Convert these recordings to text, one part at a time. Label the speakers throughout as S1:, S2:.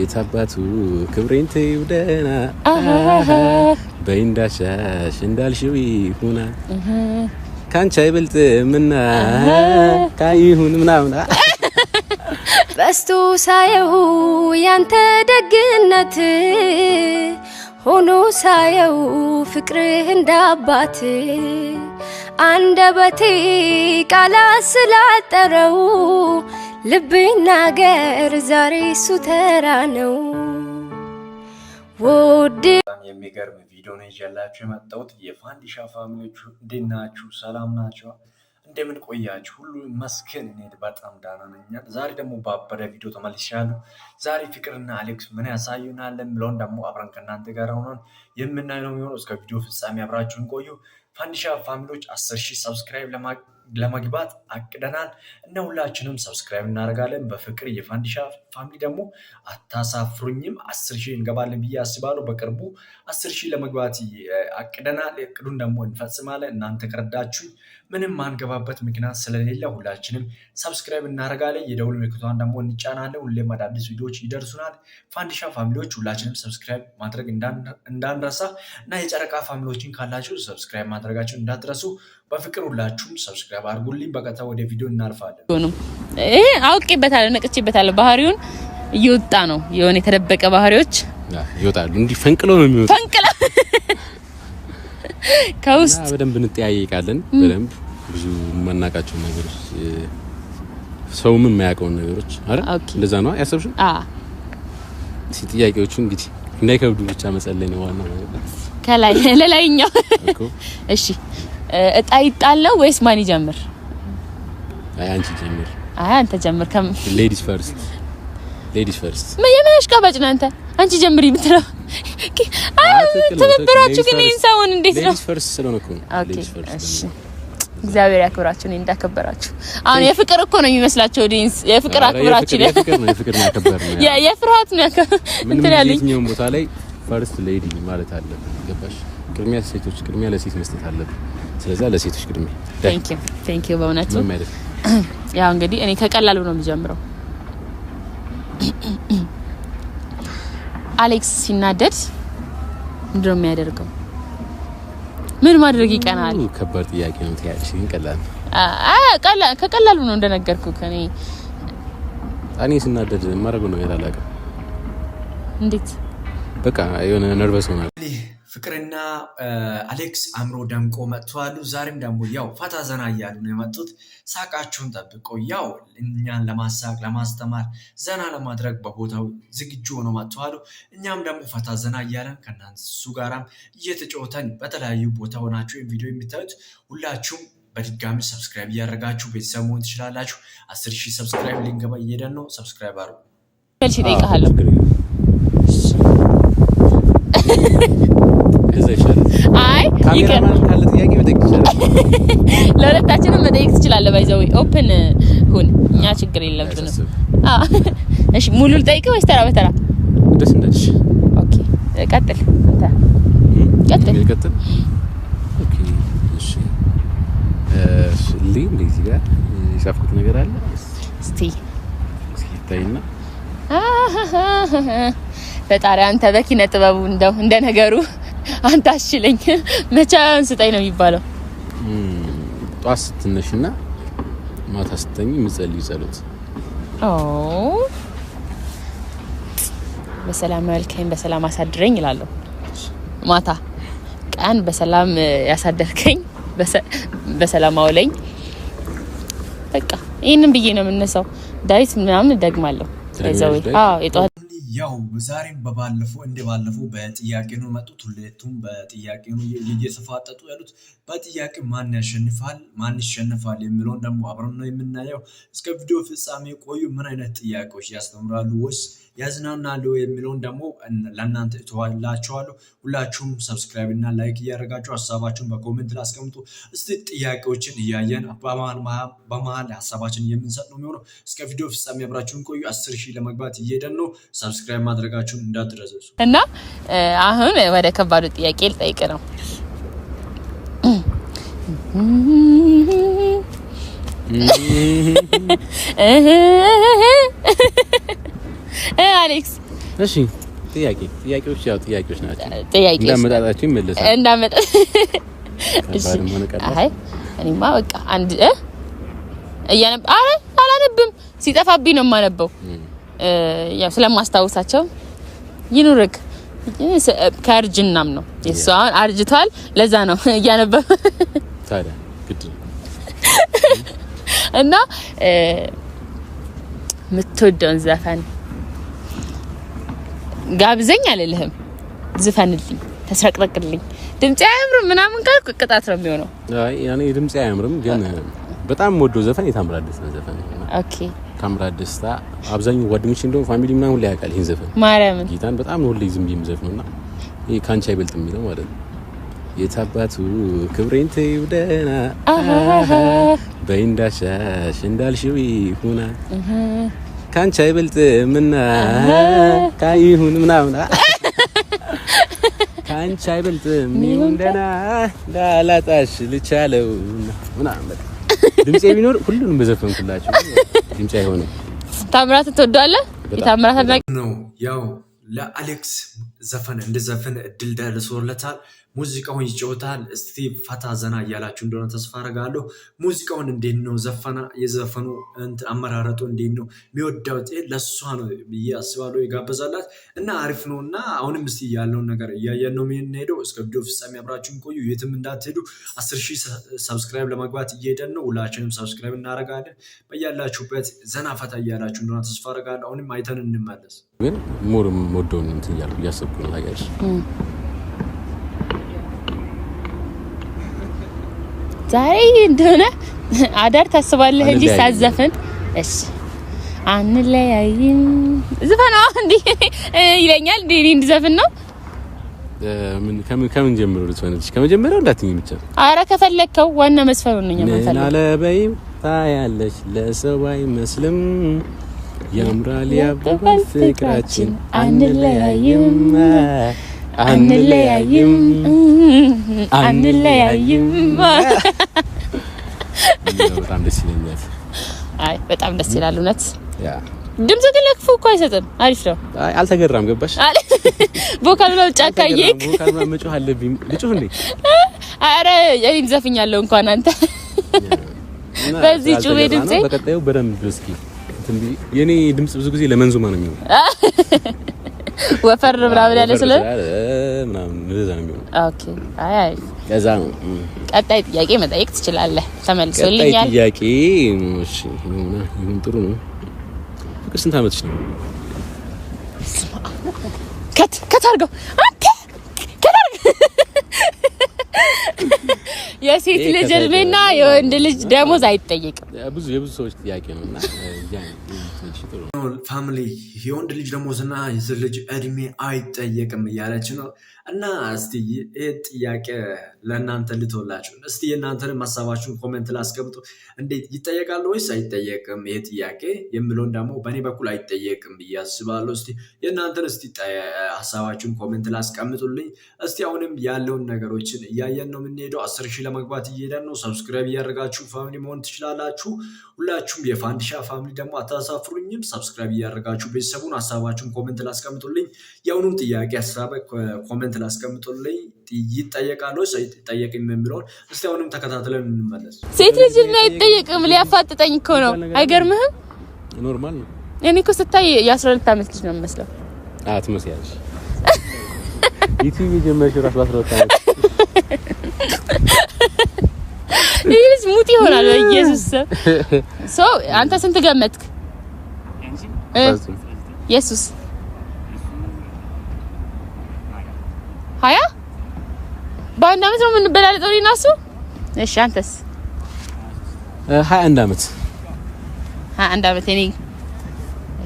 S1: የታባቱ ክብሬን ተይው ደህና በይንዳሻሽ እንዳልሽው ይሁና ካንቺ አይበልጥምና ካይሁን ምናምና
S2: በስቶ ሳየው ያንተ ደግነት ሆኖ ሳየው ፍቅርህ እንዳባት አንደበቴ ቃላት ስላጠረው ልብ ናገር ዛሬ እሱ ተራ ነው። ውድ
S1: የሚገርም ቪዲዮ ነው ይዤላችሁ የመጣሁት። የፋንዲሻ ፋሚሊዎች እንዴት ናችሁ? ሰላም ናቸው? እንደምን ቆያችሁ? ሁሉ መስክን እኔ በጣም ደህና ነኝ። ዛሬ ደግሞ ባበረ ቪዲዮ ተመልሻለሁ። ዛሬ ፍቅርና አሌክስ ምን ያሳዩናል የሚለውን ደግሞ አብረን ከእናንተ ጋር ሆነን የምናየው ነው የሚሆነው። እስከ ቪዲዮ ፍጻሜ አብራችሁን ቆዩ። ፋንዲሻ ፋሚሊዎች አስር ሺህ ሰብስክራይብ ለማ ለመግባት አቅደናል እና ሁላችንም ሰብስክራይብ እናደርጋለን። በፍቅር የፋንዲሻ ፋሚሊ ደግሞ አታሳፍሩኝም። አስር ሺህ እንገባለን ብዬ አስባለሁ። በቅርቡ አስር ሺህ ለመግባት አቅደናል። እቅዱን ደግሞ እንፈጽማለን እናንተ ከረዳችሁኝ ምንም ማንገባበት ምክንያት ስለሌለ ሁላችንም ሰብስክራይብ እናደርጋለን። የደውል ምልክቷን ደግሞ እንጫናለን። ሁሌም አዳዲስ ቪዲዮዎች ይደርሱናል። ፋንዲሻ ፋሚሊዎች ሁላችንም ሰብስክራይብ ማድረግ እንዳንረሳ እና የጨረቃ ፋሚሊዎችን ካላችሁ ሰብስክራይብ ማድረጋችሁ እንዳትረሱ። በፍቅር ሁላችሁም ሰብስክራይብ አድርጉልኝ። በቀጥታ ወደ ቪዲዮ እናልፋለን።
S2: ይሄ አውቄበታለሁ፣ ነቅቼበታለሁ። ባህሪውን እየወጣ ነው። የሆነ የተደበቀ ባህሪዎች
S1: ይወጣሉ። እንዲህ ፈንቅለው ነው
S2: የሚወጣ ፈንቅለው ከውስጥ
S1: በደንብ እንጠያይቃለን በደንብ ብዙ የማናቃቸው ነገሮች ሰውም የማያውቀውን ነገሮች አረ እንደዛ ነው ያሰብሽው? እስኪ ጥያቄዎቹ እንግዲህ እንዳይከብዱ ብቻ መጸለይ ነው ዋናው ነገር።
S2: ከላይ ለላይኛው እሺ። እጣ ይጣለው ወይስ ማን ይጀምር?
S1: አይ አንቺ ጀምር።
S2: አይ አንተ ጀምር። ከም
S1: ሌዲስ ፈርስት፣ ሌዲስ ፈርስት።
S2: ምን የምንሽ ቀበጭ ነው አንተ? አንቺ ጀምሪ የምትለው ትብብራችሁ ግን ይህን ሰውን
S1: እንዴት ነው? ሌዲስ ፈርስት ስለሆነ እኮ
S2: ነው። ኦኬ እሺ እግዚአብሔር ያክብራችሁ፣ እኔ እንዳከበራችሁ። አሁን የፍቅር እኮ ነው የሚመስላችሁ ዲንስ የፍቅር አክብራችሁ ነው የፍቅር ነው ነው የፍርሃት ነው ያከበረው
S1: እንትን ያለኝ የትኛውም ቦታ ላይ ፈርስት ሌዲ ማለት አለብን። ገባሽ? ቅድሚያ ሴቶች ቅድሚያ ለሴት መስጠት አለብን። ስለዚህ ለሴቶች ቅድሚያ።
S2: ቴንክ ዩ ቴንክ ዩ። በእውነቱ ያው እንግዲህ እኔ ከቀላሉ ነው የምጀምረው። አሌክስ ሲናደድ ምንድነው የሚያደርገው? ምን ማድረግ ይቀናል?
S1: ከባድ ጥያቄ ነው። ጥያቄሽን ቀላል
S2: ቀላል ከቀላሉ ነው እንደነገርኩ ከኔ
S1: እኔ ስናደድ የማደርገው ነገር አላውቅም። እንዴት በቃ የሆነ ነርቨስ ሆናል። ፍቅርና አሌክስ አእምሮ ደምቆ መጥተዋሉ። ዛሬም ደግሞ ያው ፈታ ዘና እያሉ ነው የመጡት። ሳቃችሁን ጠብቆ ያው እኛን ለማሳቅ ለማስተማር፣ ዘና ለማድረግ በቦታው ዝግጁ ሆነው መጥተዋሉ። እኛም ደግሞ ፈታ ዘና እያለን ከእናንሱ ጋራም እየተጫወተን በተለያዩ ቦታ ሆናችሁ ቪዲዮ የሚታዩት ሁላችሁም በድጋሚ ሰብስክራይብ እያደረጋችሁ ቤተሰብ መሆን ትችላላችሁ። አስር ሺህ ሰብስክራይብ ልንገባ እየሄደን ነው። ሰብስክራይብ አድርጉ። ለሁለታችንም
S2: መጠየቅ ትችላለህ። ባይዘዊ ኦፕን ሁን፣ እኛ ችግር የለብንም። እሺ ሙሉ ልጠይቅ ወይስ ተራ በተራ? ደስ እንደዚህ። ኦኬ ቀጥል፣ ቀጥል፣
S1: ቀጥል። ኦኬ እሺ። እሺ እንደዚህ ጋር የጻፍኩት ነገር አለ። እስቲ እስቲ ይታይና
S2: ፈጣሪ አንተ በኪነ ጥበቡ እንደው እንደ ነገሩ አንተ አሽለኝ መቻ አንስጠኝ ነው የሚባለው።
S1: ጧት ስትነሽና ማታ ስተኝ የምጸልይ ጸሎት
S2: በሰላም መልከኝ በሰላም አሳድረኝ ይላለሁ። ማታ ቀን በሰላም ያሳደርከኝ በሰላም አውለኝ። በቃ ይህንን ብዬ ነው የምነሳው። ዳዊት ምናምን ደግማለሁ። ዘዊ
S1: ያው ዛሬም በባለፈው እንደ ባለፈው በጥያቄ ነው መጡት። ሁለቱም በጥያቄ ነው እየተፋጠጡ ያሉት። በጥያቄ ማን ያሸንፋል፣ ማን ይሸንፋል የሚለውን ደግሞ አብረን ነው የምናየው። እስከ ቪዲዮ ፍጻሜ ቆዩ። ምን አይነት ጥያቄዎች ያስተምራሉ ወይስ ያዝናናሉ የሚለውን ደግሞ ለእናንተ እተዋላችኋለሁ። ሁላችሁም ሰብስክራይብ እና ላይክ እያደረጋችሁ ሀሳባችሁን በኮሜንት ላስቀምጡ። እስቲ ጥያቄዎችን እያየን በመሀል ሀሳባችን የምንሰጥ ነው የሚሆነው። እስከ ቪዲዮ ፍጻሜ አብራችሁን ቆዩ። አስር ሺህ ለመግባት እየሄደን ነው። ሰብስክራይብ ማድረጋችሁን እንዳትረዘሱ
S2: እና አሁን ወደ ከባዱ ጥያቄ ልጠይቅ ነው አሌክስ
S1: እሺ፣ ጥያቄ ጥያቄዎች ያው ጥያቄዎች ናቸው። ጥያቄ እንዳመጣጣችሁ
S2: ይመለሳል። እንዳመጣ እኔማ በቃ አንድ እ አረ አላነብም፣ ሲጠፋብኝ ነው የማነበው። ያው ስለማስታውሳቸው ይኑርክ ከእርጅናም ነው የእሱ አሁን አርጅቷል። ለዛ ነው እያነበበ
S1: ታዲያ ግድ
S2: እና የምትወደውን ዘፈን ጋብዘኝ አልልህም። ዝፈንልኝ፣ ተስረቅረቅልኝ፣ ድምፄ አያምርም ምናምን ካልኩ ቅጣት ነው የሚሆነው።
S1: አይ ያኔ ድምፄ አያምርም፣ ግን በጣም ወዶ ዘፈን የታምራት ደስታ ዘፈን ኦኬ። ታምራት ደስታ አብዛኛው ጓደኞች እንደውም ፋሚሊ ምናምን ሁሌ ያውቃል ይህን ዘፈን። ማርያምን ጌታን በጣም ሁሌ ዝም ብዬ የምዘፍነውና ይሄ ካንቺ አይበልጥ የሚለው ማለት ነው። የታባቱ ክብሬን ተይው ደህና በይንዳሻሽ እንዳልሽው ይሁና ከአንቺ አይበልጥም እና ይሁን ምናምን ከአንቺ አይበልጥም እንደና ላላጣሽ ልቻለው ምናምን በቃ ድምፄ ቢኖር ሁሉንም በዘፈንኩላችሁ ድምፄ አይሆንም።
S2: ታምራት ትወዷለ የታምራት አድናቂ
S1: ነው ያው ለአሌክስ ዘፈን እንድዘፍን እድል ደርሶለታል። ሙዚቃውን ይጫወታል። እስቲ ፈታ ዘና እያላችሁ እንደሆነ ተስፋ አረጋለሁ። ሙዚቃውን እንዴት ነው ዘፈና የዘፈኑ አመራረጡ እንዴት ነው የሚወዳውት ለእሷ ነው ብዬ አስባለሁ። ይጋበዛላት እና አሪፍ ነው እና አሁንም እስቲ ያለውን ነገር እያየን ነው የምንሄደው። እስከ ቪዲዮ ፍጻሜ አብራችሁን ቆዩ፣ የትም እንዳትሄዱ። አስር ሺህ ሰብስክራይብ ለመግባት እየሄደን ነው። ሁላችንም ሰብስክራይብ እናደርጋለን። በያላችሁበት ዘና ፈታ እያላችሁ እንደሆነ ተስፋ አረጋለሁ። አሁንም አይተን እንመለስ። ግን ሙርም ወደውን እንትን እያልኩ እያሰብኩ ነበርኩኝ ሀገር
S2: ዛሬ እንደሆነ አዳር ታስባለህ እንጂ ሳዘፍን እሺ አንለያይም ዝፈና እንዲ ይለኛል እንዲ እንድዘፍን ነው።
S1: ምን ከምን ከምን ጀምሮ ልትሆነች ከመጀመሪያው እንዳትኝ ብቻ።
S2: አረ ከፈለግከው ዋና መስፈኑ ነው።
S1: እኛ ምን አለበይም ታያለች ለሰው አይመስልም ያምራል ያበባል ፍቅራችን አንለያይም አንለያይም አንለያይም። በጣም ደስ ይለኛል።
S2: አይ በጣም ደስ ይላል እውነት። ድምጽ ግን ለክፉ እኮ አይሰጥም። አሪፍ ነው።
S1: አይ አልተገራም። ገባሽ?
S2: ቦካል ነው ጫካ ይክ
S1: ቦካል ነው መጮህ አለብኝ። ልጮህ እንዴ?
S2: አረ እኔም ዘፍኛለሁ እንኳን አንተ በዚህ ጩቤ
S1: ድምጼ በቀጣዩ በደንብ ብስኪ የኔ ድምጽ ብዙ ጊዜ ለመንዙማ ነው የሚሆነው።
S2: ወፈር ምናምን ያለ ስለ
S1: ምናምን እንደዛ ነው የሚሆነው።
S2: ኦኬ አይ አይ ከዛ ነው። ቀጣይ ጥያቄ መጠየቅ ትችላለህ። ተመልሶልኛል።
S1: ቀጣይ ጥያቄ እሺ፣ ይሁን ጥሩ ነው። ፍቅር ስንት አመትሽ ነው?
S2: ከት ከት አድርገው የሴት ልጅ እድሜና የወንድ ልጅ ደሞዝ አይጠየቅም።
S1: ብዙ የብዙ ሰዎች ጥያቄ ነውና ፋሚሊ የወንድ ልጅ ደሞዝና የሴት ልጅ እድሜ አይጠየቅም እያለች ነው። እና እስቲ ይህ ጥያቄ ለእናንተ ልተወላችሁ። እስቲ የእናንተን ሀሳባችሁን ኮሜንት ላስቀምጡ። እንዴት ይጠየቃሉ ወይስ አይጠየቅም? ይህ ጥያቄ የሚለውን ደግሞ በእኔ በኩል አይጠየቅም ብዬ አስባለሁ። እስቲ የእናንተን እስቲ ሀሳባችሁን ኮሜንት ላስቀምጡልኝ። እስቲ አሁንም ያለውን ነገሮችን እያየን ነው የምንሄደው። አስር ሺህ ለመግባት እየሄደን ነው። ሰብስክራይብ እያደረጋችሁ ፋሚሊ መሆን ትችላላችሁ። ሁላችሁም የፋንዲሻ ፋሚሊ ደግሞ አታሳፍሩኝም። ሰብስክራይብ እያደረጋችሁ ቤተሰቡን ሀሳባችሁን ኮመንት ላስቀምጡልኝ። የአሁኑም ጥያቄ ሀሳብ ኮመንት ላስቀምጡልኝ። ይጠየቃል ወይ የሚለውን እስቲ አሁንም ተከታትለን እንመለስ።
S2: ሴት ልጅ እና አይጠየቅም ሊያፋጥጠኝ እኮ ነው። አይገርምህም? ኖርማል ነው። እኔ እኮ ስታይ የአስራ ሁለት ዓመት ልጅ ነው የምመስለው። ትመስያለሽ።
S1: ዩቲዩብ የጀመርሽው እራሱ በአስራ ሁለት
S2: ዓመት ይህ ልጅ ሙጥ ይሆናል። ኢየሱስ ሰው አንተ ስንት ገመትክ? ኢየሱስ ሀያ በአንድ አመት ነው የምንበላለጠው እኔና እሱ። እሺ አንተስ? ሀያ uh, አንድ አመት ሀያ አንድ አመት እኔ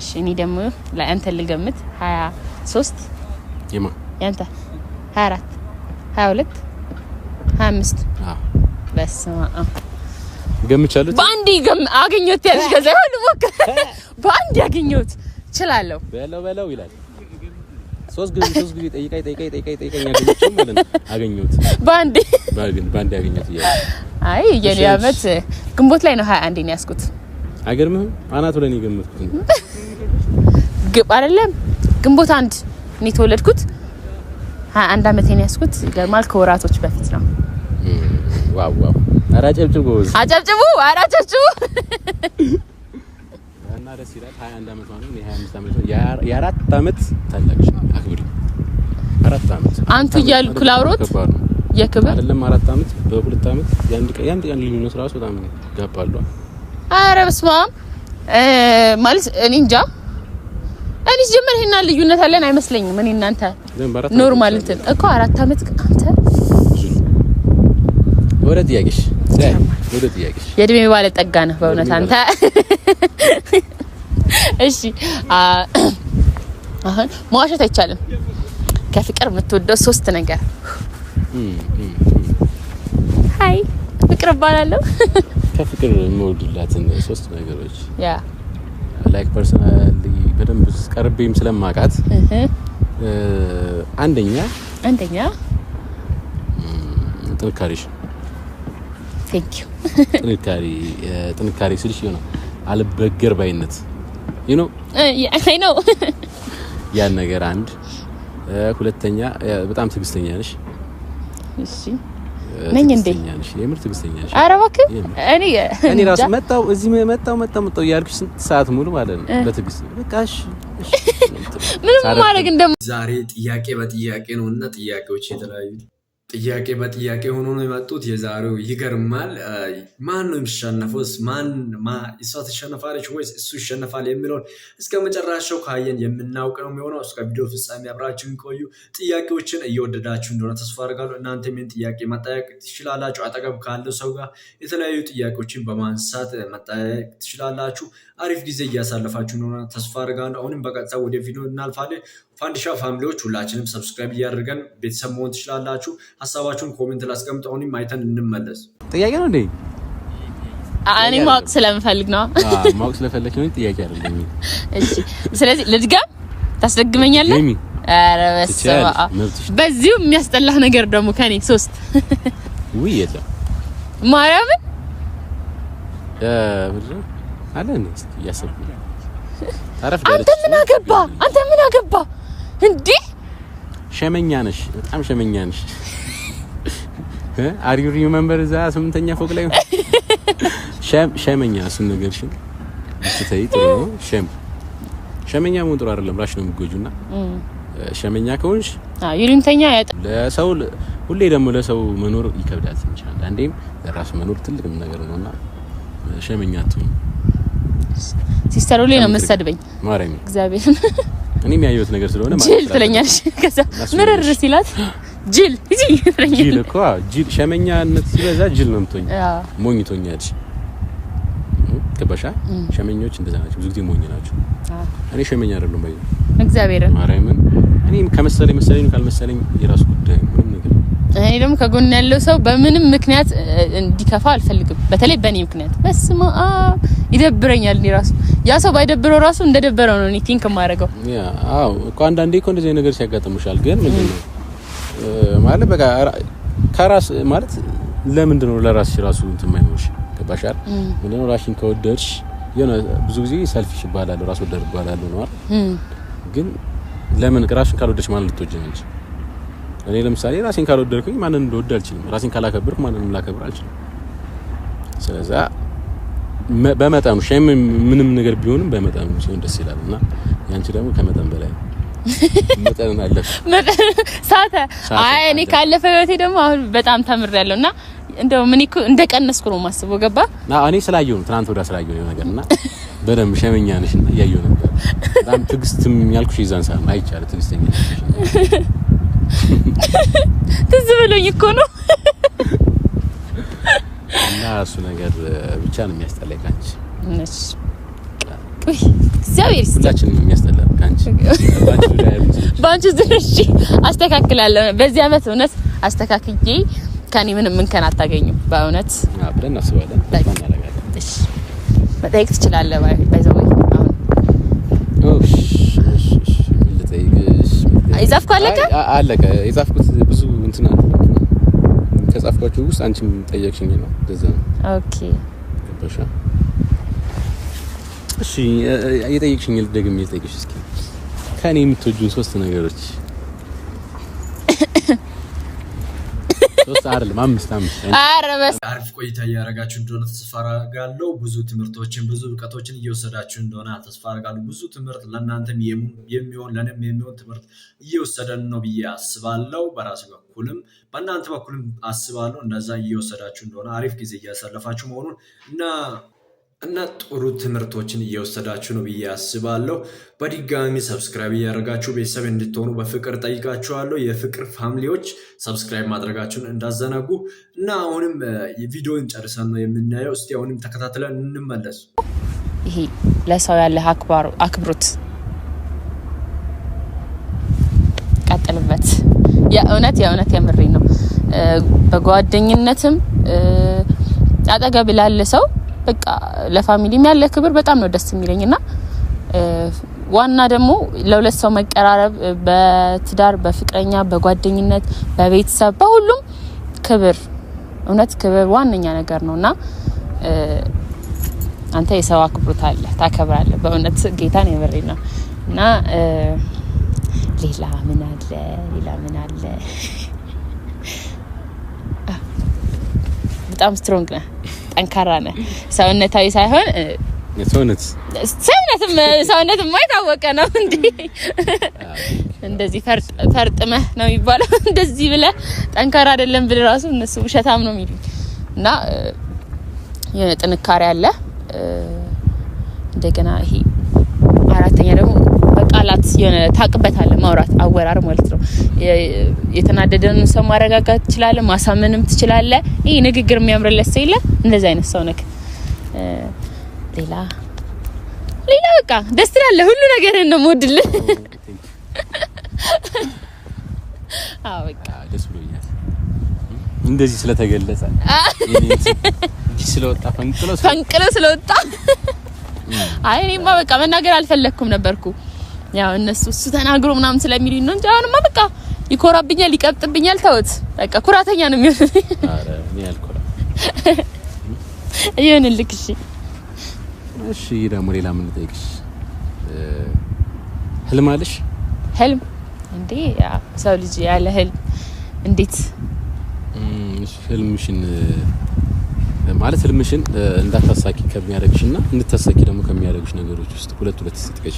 S2: እሺ እኔ ደግሞ ለአንተ ልገምት ሀያ ሶስት የማ ያንተ ሀያ አራት ሀያ ሁለት ሀያ አምስት በስመ አብ ገምቻለሁ። በአንድ ገም አገኘሁት ያለሽ ከዛ ሁሉ ወክ በአንድ ያገኘሁት እችላለሁ
S1: በለው በለው ይላል። ሶስት ጊዜ ሶስት ጊዜ ጠይቃይ ጠይቃይ ጠይቃይ ጠይቃኝ ያገኘችው ማለት ነው። አገኘሁት በአንድ ባግን በአንድ ያገኘሁት ይላል።
S2: አይ የኔ አመት ግንቦት ላይ ነው 21 ነው ያስኩት።
S1: አይገርምህም? አናቱ ለኔ ገመትኩት ነው
S2: ግብ አይደለም ግንቦት አንድ እኔ የተወለድኩት ሀያ አንድ አመቴን ያስኩት ይገርማል። ከወራቶች በፊት ነው።
S1: ዋው ዋው ኧረ አጨብጭቡ፣
S2: አጨብጭቡ፣ ኧረ አጨብጭቡ
S1: እና ደስ ይላል። 21 ዓመቷ ነው፣ የ25 ዓመቷ የአራት ዓመት ታላቅሽ አክብሪ። አራት ዓመት
S2: አንቱ እያልኩ ላውሮት የክብር
S1: አይደለም። አራት ዓመት በሁለት ዓመት የአንድ ቀን የአንድ ቀን ልዩነት ራሱ በጣም ጋብ አለው።
S2: ኧረ በስመ አብ ማለት እኔ እንጃ እኔ ጀመር ይሄና ልዩነት አለን አይመስለኝም። እኔ እናንተ ኖርማል እንትን እኮ አራት ዓመት አንተ
S1: ወደ ጥያቄሽ ወደ ጥያቄሽ
S2: የእድሜ ባለጠጋ ነህ በእውነት አንተ። እሺ አሁን መዋሸት አይቻልም። ከፍቅር የምትወደው ሶስት ነገር? ሀይ ፍቅር እባላለሁ።
S1: ከፍቅር የምወድላትን ሶስት ነገሮች ያ ላይክ ፐርሰናሊ በደንብ ቀርቤም ስለማውቃት አንደኛ አንደኛ ጥንካሬሽ ጥንካሬ ጥንካሬ ስልሽ ነው አልበገር ባይነት ዩ ኖ አይ ያን ነገር አንድ ሁለተኛ በጣም ነሽ።
S2: እሺ ነኝ እንዴ?
S1: የምር ነሽ?
S2: ኧረ እባክህ እኔ
S1: እኔ ራሱ እዚህ እያልኩሽ ስንት ሰዓት ሙሉ ማለት ነው በቃ እሺ፣
S2: ምንም ማድረግ እንደማ
S1: ዛሬ ጥያቄ በጥያቄ ነው እና ጥያቄዎች የተለያዩ ጥያቄ በጥያቄ ሆኖ ነው የመጡት። የዛሬው ይገርማል። ማን ነው የሚሸነፈውስ? ማን እሷ ትሸነፋለች ወይስ እሱ ይሸነፋል የሚለውን እስከ መጨረሻው ካየን የምናውቅ ነው የሚሆነው። እስከ ቪዲዮ ፍጻሜ አብራችሁን ቆዩ። ጥያቄዎችን እየወደዳችሁ እንደሆነ ተስፋ አድርጋለሁ። እናንተ ምን ጥያቄ መጠየቅ ትችላላችሁ። አጠገብ ካለው ሰው ጋር የተለያዩ ጥያቄዎችን በማንሳት መጠየቅ ትችላላችሁ። አሪፍ ጊዜ እያሳለፋችሁ እንደሆነ ተስፋ አድርጋለሁ። አሁንም በቀጥታ ወደ ቪዲዮ እናልፋለን። ፋንዲሻ ፋሚሊዎች ሁላችንም ሰብስክራይብ እያደርገን ቤተሰብ መሆን ትችላላችሁ። ሀሳባችሁን ኮሜንት ላስቀምጥ። አሁንም አይተን እንመለስ። ጥያቄ ነው እንዴ?
S2: እኔ ማወቅ ስለምፈልግ ነው።
S1: ማወቅ ስለፈለግ ነው። ጥያቄ አይደለም።
S2: እሺ፣ ስለዚህ ልድጋም። ታስደግመኛለህ? ኧረ በስመ አብ። በዚሁ የሚያስጠላህ ነገር ደግሞ ከኔ ሶስት ውይ የለም ማርያምን አንተ ምን አገባ? አንተ ምን አገባ እንዴ?
S1: ሸመኛ ነሽ፣ በጣም ሸመኛ ነሽ። አር ዩ ሪሜምበር እዛ ስምንተኛ ፎቅ ላይ ሸመኛ እሱን ነገር ስትይ ጥሩ ነው። ሸም ሸመኛ መሆን ጥሩ አይደለም። ራሽ ነው የሚጎጁና ሸመኛ ከሆንሽ ይሉኝተኛ ለሰው ሁሌ ደግሞ ለሰው መኖር ይከብዳል። እንጂ አንዳንዴም ለራሱ መኖር ትልቅም ነገር ነውና ሸመኛ አትሁን።
S2: ሲስተር ሁሌ ነው የምትሰድበኝ። ማርያም እግዚአብሔር
S1: እኔም ያየሁት ነገር ስለሆነ
S2: ማለት ትለኛለሽ። ከዛ ምርር ሲላት ጅል እጂ
S1: ጅል እኮ ጅል ሸመኛነት ሲበዛ ጅል ነው የምትሆኝ። ሞኝ ትሆኛለሽ። ገባሽ? ሸመኞች እንደዛ ናቸው፣ ብዙ ጊዜ ሞኝ ናቸው። እኔ ሸመኛ አይደለሁም። ባይ እግዚአብሔር ማርያምን እኔ ከመሰለኝ መሰለኝ ካልመሰለኝ የራሱ ጉዳይ ምንም ነገር።
S2: እኔ ደግሞ ከጎን ያለው ሰው በምንም ምክንያት እንዲከፋ አልፈልግም። በተለይ በእኔ ምክንያት በስማ ይደብረኛል። እኔ ራሱ ያ ሰው ባይደብረው ራሱ እንደደበረው ነው እኔ ቲንክ የማደርገው።
S1: አዎ እኮ አንዳንዴ እኮ እንደዚህ ነገር ሲያጋጥምሻል ግን ምንድነው ማለት በቃ ከራስ ማለት ለምንድን ነው ለራስሽ ራሱ እንትን የማይኖርሽ ገባሽ አይደል? ምንድን ነው ራስሽን ከወደድሽ የሆነ ብዙ ጊዜ ሰልፊሽ ይባላል ራስ ወደድ ይባላል ነው አይደል? ግን ለምን ራስሽን ካልወደድሽ ማንን ልትወጂ ነው እንጂ እኔ ለምሳሌ ራሴን ካልወደድኩኝ ማንን እንደወደድ አልችልም። ራሴን ካላከብርኩ ማንንም ላከብር አልችልም። ስለዛ በመጠኑ ሸም ምንም ነገር ቢሆንም በመጠኑ ሲሆን ደስ ይላል እና ያንቺ ደግሞ ከመጠን በላይ ነው።
S2: ሳተ። አይ እኔ ካለፈ ህይወቴ ደግሞ አሁን በጣም ተምሬያለሁ እና እንደው ምን እኮ እንደቀነስኩ ነው የማስበው። ገባ
S1: ና እኔ ስላየሁ ነው ትናንት ወዲያ ስላየሁ ነው ነገር እና በደንብ ሸመኛ ነሽ እና እያየሁ ነበር። በጣም ትዕግስትም ያልኩሽ ይዛን ሰዓት አይቻልም። ትዕግስተኛ
S2: ትዝ ብሎኝ እኮ ነው
S1: እና እሱ ነገር ብቻ ነው የሚያስጠላኝ ካንቺ
S2: እግዚአብሔር
S1: ሁላችንም የሚያስጠላ ካንቺ
S2: ባንቺ ዝርሽ አስተካክላለሁ። በዚህ አመት እውነት አስተካክዬ ከኔ ምንም እንከን አታገኙም። በእውነት
S1: አብረን እናስባለን።
S2: እሺ መጠየቅ ትችላለህ። ባይ
S1: አለቀ የጻፍኩት ብዙ እንትን ከጻፍኳቸው ውስጥ አንቺም ጠየቅሽኝ ነው። ኦኬ እሺ የጠየቅሽኝ ልደግም የጠየቅሽ እስኪ ከእኔ የምትወጁን ሶስት ነገሮች ሶስት አይደለም አምስት አምስት። አሪፍ ቆይታ እያደረጋችሁ እንደሆነ ተስፋ አደርጋለሁ። ብዙ ትምህርቶችን ብዙ እውቀቶችን እየወሰዳችሁ እንደሆነ ተስፋ አደርጋለሁ። ብዙ ትምህርት ለእናንተም የሚሆን ለእኔም የሚሆን ትምህርት እየወሰደን ነው ብዬ አስባለሁ። በራሴ በኩልም በእናንተ በኩልም አስባለሁ እንደዛ እየወሰዳችሁ እንደሆነ አሪፍ ጊዜ እያሳለፋችሁ መሆኑን እና እና ጥሩ ትምህርቶችን እየወሰዳችሁ ነው ብዬ አስባለሁ። በድጋሚ ሰብስክራይብ እያደረጋችሁ ቤተሰብ እንድትሆኑ በፍቅር ጠይቃችኋለሁ። የፍቅር ፋሚሊዎች ሰብስክራይብ ማድረጋችሁን እንዳዘነጉ እና አሁንም ቪዲዮን ጨርሰን ነው የምናየው። እስቲ አሁንም ተከታትለን እንመለሱ።
S2: ይሄ ለሰው ያለ አክብሮት ቀጥልበት። የእውነት የእውነት የምሬ ነው። በጓደኝነትም አጠገብ ላለ ሰው በቃ ለፋሚሊም ያለ ክብር በጣም ነው ደስ የሚለኝ እና ዋና ደግሞ ለሁለት ሰው መቀራረብ በትዳር፣ በፍቅረኛ፣ በጓደኝነት፣ በቤተሰብ በሁሉም ክብር፣ እውነት ክብር ዋነኛ ነገር ነው እና አንተ የሰው አክብሮት አለ ታከብራለህ። በእውነት ጌታን የምሬ ነው እና ሌላ ምን አለ? ሌላ ምን አለ? በጣም ስትሮንግ ነህ። ጠንካራ ነ ሰውነታዊ ሳይሆን ሰውነት ሰውነትም ሰውነትም የታወቀ ነው እንዴ! እንደዚህ ፈርጥ ፈርጥመህ ነው የሚባለው። እንደዚህ ብለ ጠንካራ አይደለም ብለህ ራሱ እነሱ ውሸታም ነው የሚሉኝ እና የሆነ ጥንካሬ አለ እንደገና ይሄ አራተኛ ደግሞ ቃላት የሆነ ታቅበታለ ማውራት አወራር ማለት ነው። የተናደደን ሰው ማረጋጋት ትችላለ፣ ማሳመንም ትችላለ። ይህ ንግግር የሚያምርለት ሰው የለ እንደዚህ አይነት ሰው ነክ ሌላ ሌላ በቃ ደስ ትላለ። ሁሉ ነገር ነው ሞድል አዎ
S1: ደስ ብሎኛል እንደዚህ ስለተገለጸ ስለወጣ
S2: ፈንቅሎ ስለወጣ አይ እኔማ በቃ መናገር አልፈለግኩም ነበርኩ። ያው እነሱ እሱ ተናግሮ ምናምን ስለሚሉኝ ነው እንጂ አሁንማ በቃ ይኮራብኛል፣ ይቀብጥብኛል። ተውት በቃ ኩራተኛ ነው የሚሆነው።
S1: አረ ምን ያልኩራ እሺ እሺ፣ ደግሞ ሌላ ምን ልጠይቅሽ? ህልም አለሽ?
S2: ህልም እንዴ? ሰው ልጅ ያለ ህልም እንዴት?
S1: እሺ ህልምሽን ማለት ህልምሽን እንዳታሳኪ ከሚያደርግሽ እና እንድታሳኪ ደግሞ ከሚያደርግሽ ነገሮች ውስጥ ሁለት ሁለት ስትቀጭ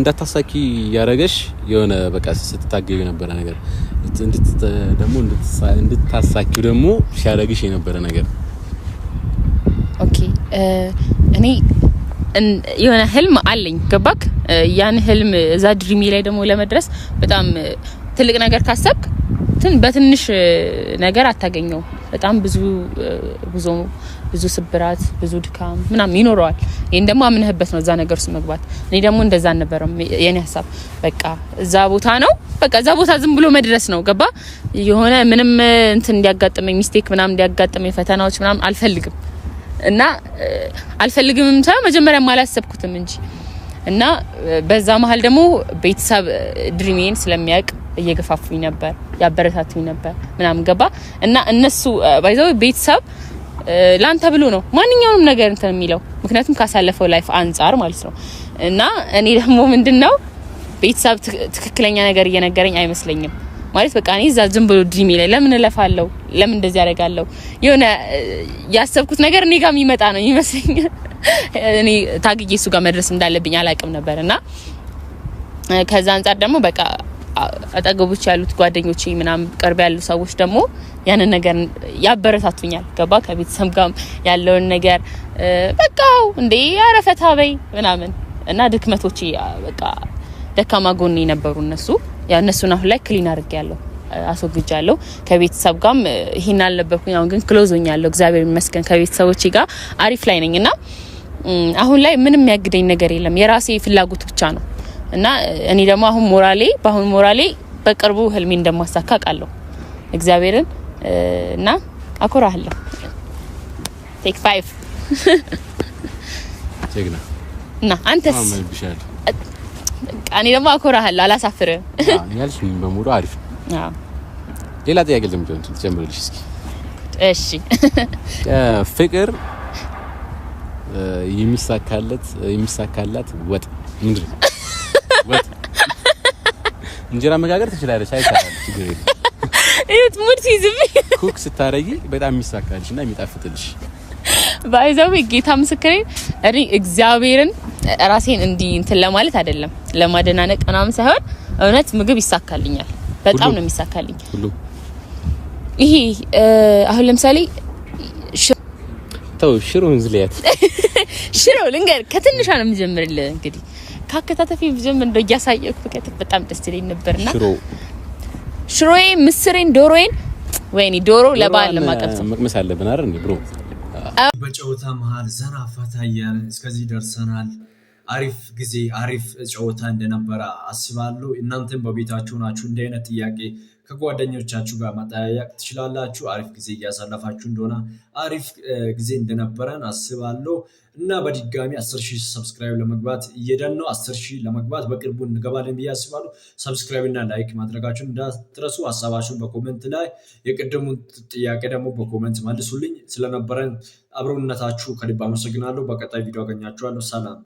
S1: እንዳታሳኪ ያደረገሽ የሆነ በቃ ስትታገዩ የነበረ ነገር ደግሞ እንድታሳኪው ደግሞ ሲያደረግሽ የነበረ ነገር
S2: ኦኬ። እኔ የሆነ ህልም አለኝ ገባክ? ያን ህልም እዛ ድሪሚ ላይ ደግሞ ለመድረስ በጣም ትልቅ ነገር ካሰብክ በትንሽ ነገር አታገኘው። በጣም ብዙ ጉዞ ብዙ ስብራት፣ ብዙ ድካም ምናምን ይኖረዋል። ይህን ደግሞ አምነህበት ነው እዛ ነገር ውስጥ መግባት። እኔ ደግሞ እንደዛ አልነበረም የኔ ሀሳብ። በቃ እዛ ቦታ ነው በቃ እዛ ቦታ ዝም ብሎ መድረስ ነው። ገባ የሆነ ምንም እንትን እንዲያጋጥመኝ ሚስቴክ ምናምን እንዲያጋጥመኝ ፈተናዎች ምናምን አልፈልግም እና አልፈልግምም ሳይሆን መጀመሪያ አላሰብኩትም እንጂ እና በዛ መሀል ደግሞ ቤተሰብ ድሪሜን ስለሚያውቅ እየገፋፉኝ ነበር፣ ያበረታቱኝ ነበር ምናምን ገባ እና እነሱ ባይዘው ቤተሰብ ላንተ ብሎ ነው ማንኛውንም ነገር እንትን የሚለው ምክንያቱም ካሳለፈው ላይፍ አንጻር ማለት ነው። እና እኔ ደግሞ ምንድነው ቤተሰብ ትክክለኛ ነገር እየነገረኝ አይመስለኝም ማለት በቃ እኔ እዛ ዝም ብሎ ድሜ ላይ ለምን እለፋለሁ? ለምን እንደዚህ አደርጋለሁ? የሆነ ያሰብኩት ነገር እኔ ጋር የሚመጣ ነው የሚመስለኝ። እኔ ታግዬ እሱ ጋር መድረስ እንዳለብኝ አላቅም ነበር እና ከዛ አንጻር ደግሞ በቃ አጠገቦች ያሉት ጓደኞቼ ምናምን ቅርብ ያሉ ሰዎች ደግሞ ያንን ነገር ያበረታቱኛል። ገባ ከቤተሰብ ጋር ያለውን ነገር በቃው እንዴ ያረፈታ በይ ምናምን እና ድክመቶቼ በቃ ደካማ ጎን የነበሩ እነሱ ያ እነሱን አሁን ላይ ክሊን ያለው አስወግጃለሁ። ከቤተሰብ ጋም ይሄን አልነበርኩኝ። አሁን ግን ክሎዝ ሆኛለሁ እግዚአብሔር ይመስገን። ከቤተሰቦቼ ጋር አሪፍ ላይ ነኝ እና አሁን ላይ ምንም ያግደኝ ነገር የለም። የራሴ ፍላጎት ብቻ ነው እና እኔ ደግሞ አሁን ሞራሌ በአሁን ሞራሌ በቅርቡ ህልሜ እንደማሳካ ቃለሁ እግዚአብሔርን እና አኮራለሁ። ቴክ ፋይቭ ጀግና እና አንተስ? እኔ ደግሞ አኮራለሁ፣ አላሳፍርም።
S1: ያልሽኝ በሙሉ አሪፍ ሌላ ጥያቄ ልምጆን ትጀምርልሽ እስኪ። እሺ ፍቅር የሚሳካለት የሚሳካላት ወጥ ምንድን ነው? ወጥ እንጀራ መጋገር ትችላለች። አይቻላል ችግር የለም።
S2: እት ሙድ ሲዝብኝ
S1: ኩክ ስታረጊ በጣም የሚሳካልሽ እና የሚጣፍጥልሽ
S2: ባይዛው ጌታ ምስክሬ እሪ እግዚአብሔርን ራሴን እንዲህ እንትን ለማለት አይደለም ለማደናነቅ ምናምን ሳይሆን እውነት ምግብ ይሳካልኛል። በጣም ነው የሚሳካልኝ። ይሄ አሁን ለምሳሌ
S1: ተው ሽሮ እንዝለያት
S2: ሽሮ ልንገር ከትንሿ ነው የምጀምርልህ እንግዲህ ካከታተፊ ብዙም በእያሳየኩ እያሳየኩ በጣም ደስ ይለኝ ነበርና ሽሮ ሽሮዬ፣ ምስሬን፣ ዶሮዬን ወይኔ ዶሮ ለበዓል ለማቀፍ መቅመስ አለብን አይደል? ብሮ በጨዋታ መሀል ዘና ፈታ እያለ እስከዚህ ደርሰናል። አሪፍ ጊዜ አሪፍ ጨዋታ እንደነበረ አስባለሁ። እናንተም በቤታችሁ ናችሁ እንዲህ አይነት ጥያቄ ከጓደኞቻችሁ ጋር መጠያየቅ ትችላላችሁ። አሪፍ ጊዜ እያሳለፋችሁ እንደሆነ አሪፍ ጊዜ እንደነበረን አስባለሁ እና በድጋሚ አስር ሺህ ሰብስክራይብ ለመግባት እየደን ነው። አስር ሺህ ለመግባት በቅርቡ እንገባለን ብዬ አስባለሁ። ሰብስክራይብ እና ላይክ ማድረጋችሁን እንዳትረሱ። ሀሳባችሁን በኮመንት ላይ የቅድሙን ጥያቄ ደግሞ በኮመንት መልሱልኝ። ስለነበረን አብሮነታችሁ ከልብ አመሰግናለሁ። በቀጣይ ቪዲዮ አገኛችኋለሁ። ሰላም